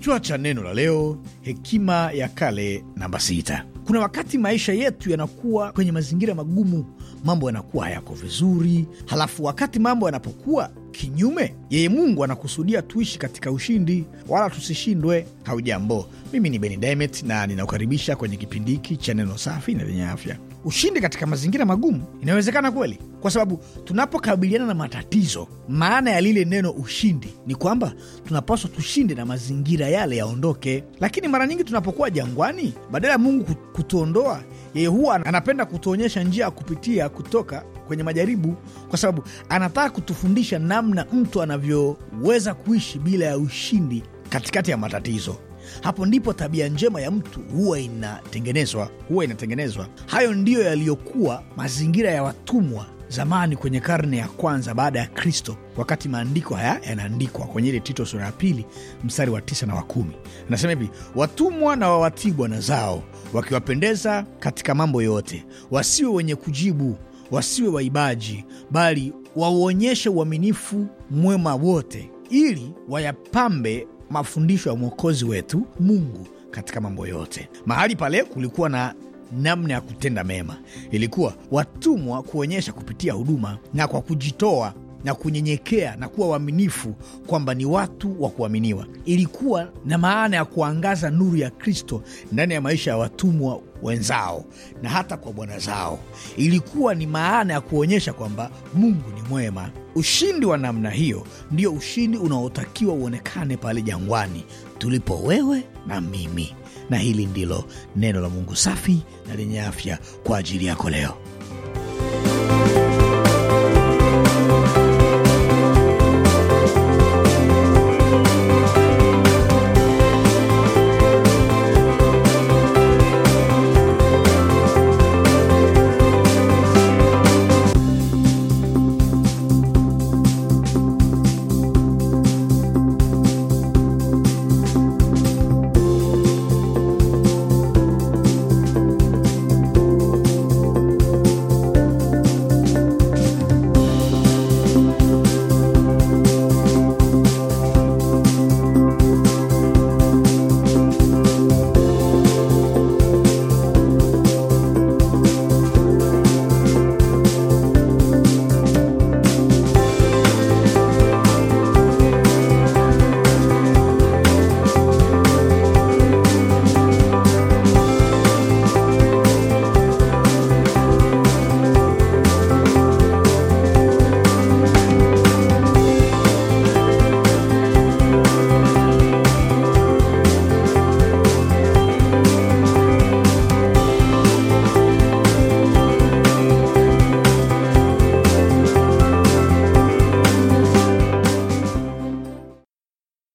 Kichwa cha neno la leo: hekima ya kale namba sita. Kuna wakati maisha yetu yanakuwa kwenye mazingira magumu, mambo yanakuwa hayako vizuri, halafu wakati mambo yanapokuwa kinyume, yeye Mungu anakusudia tuishi katika ushindi, wala tusishindwe. Haujambo, mimi ni Beni Dimet na ninakukaribisha kwenye kipindi hiki cha neno safi na lenye afya. Ushindi katika mazingira magumu inawezekana kweli? kwa sababu tunapokabiliana na matatizo, maana ya lile neno ushindi ni kwamba tunapaswa tushinde na mazingira yale yaondoke. Lakini mara nyingi tunapokuwa jangwani, badala ya Mungu kutuondoa, yeye huwa anapenda kutuonyesha njia ya kupitia kutoka kwenye majaribu, kwa sababu anataka kutufundisha namna mtu anavyoweza kuishi bila ya ushindi katikati ya matatizo. Hapo ndipo tabia njema ya mtu huwa inatengenezwa, huwa inatengenezwa. Hayo ndiyo yaliyokuwa mazingira ya watumwa zamani kwenye karne ya kwanza baada ya Kristo, wakati maandiko haya yanaandikwa kwenye ile Tito sura ya pili mstari wa tisa na wa kumi anasema hivi: watumwa na wawatii bwana zao wakiwapendeza katika mambo yote, wasiwe wenye kujibu, wasiwe waibaji, bali wauonyeshe uaminifu mwema wote, ili wayapambe mafundisho ya mwokozi wetu Mungu katika mambo yote. Mahali pale kulikuwa na namna ya kutenda mema, ilikuwa watumwa kuonyesha kupitia huduma na kwa kujitoa na kunyenyekea na kuwa waaminifu kwamba ni watu wa kuaminiwa. Ilikuwa na maana ya kuangaza nuru ya Kristo ndani ya maisha ya watumwa wenzao na hata kwa bwana zao. Ilikuwa ni maana ya kuonyesha kwamba Mungu ni mwema Ushindi wa namna hiyo ndio ushindi unaotakiwa uonekane pale jangwani tulipo wewe na mimi, na hili ndilo neno la Mungu safi na lenye afya kwa ajili yako leo.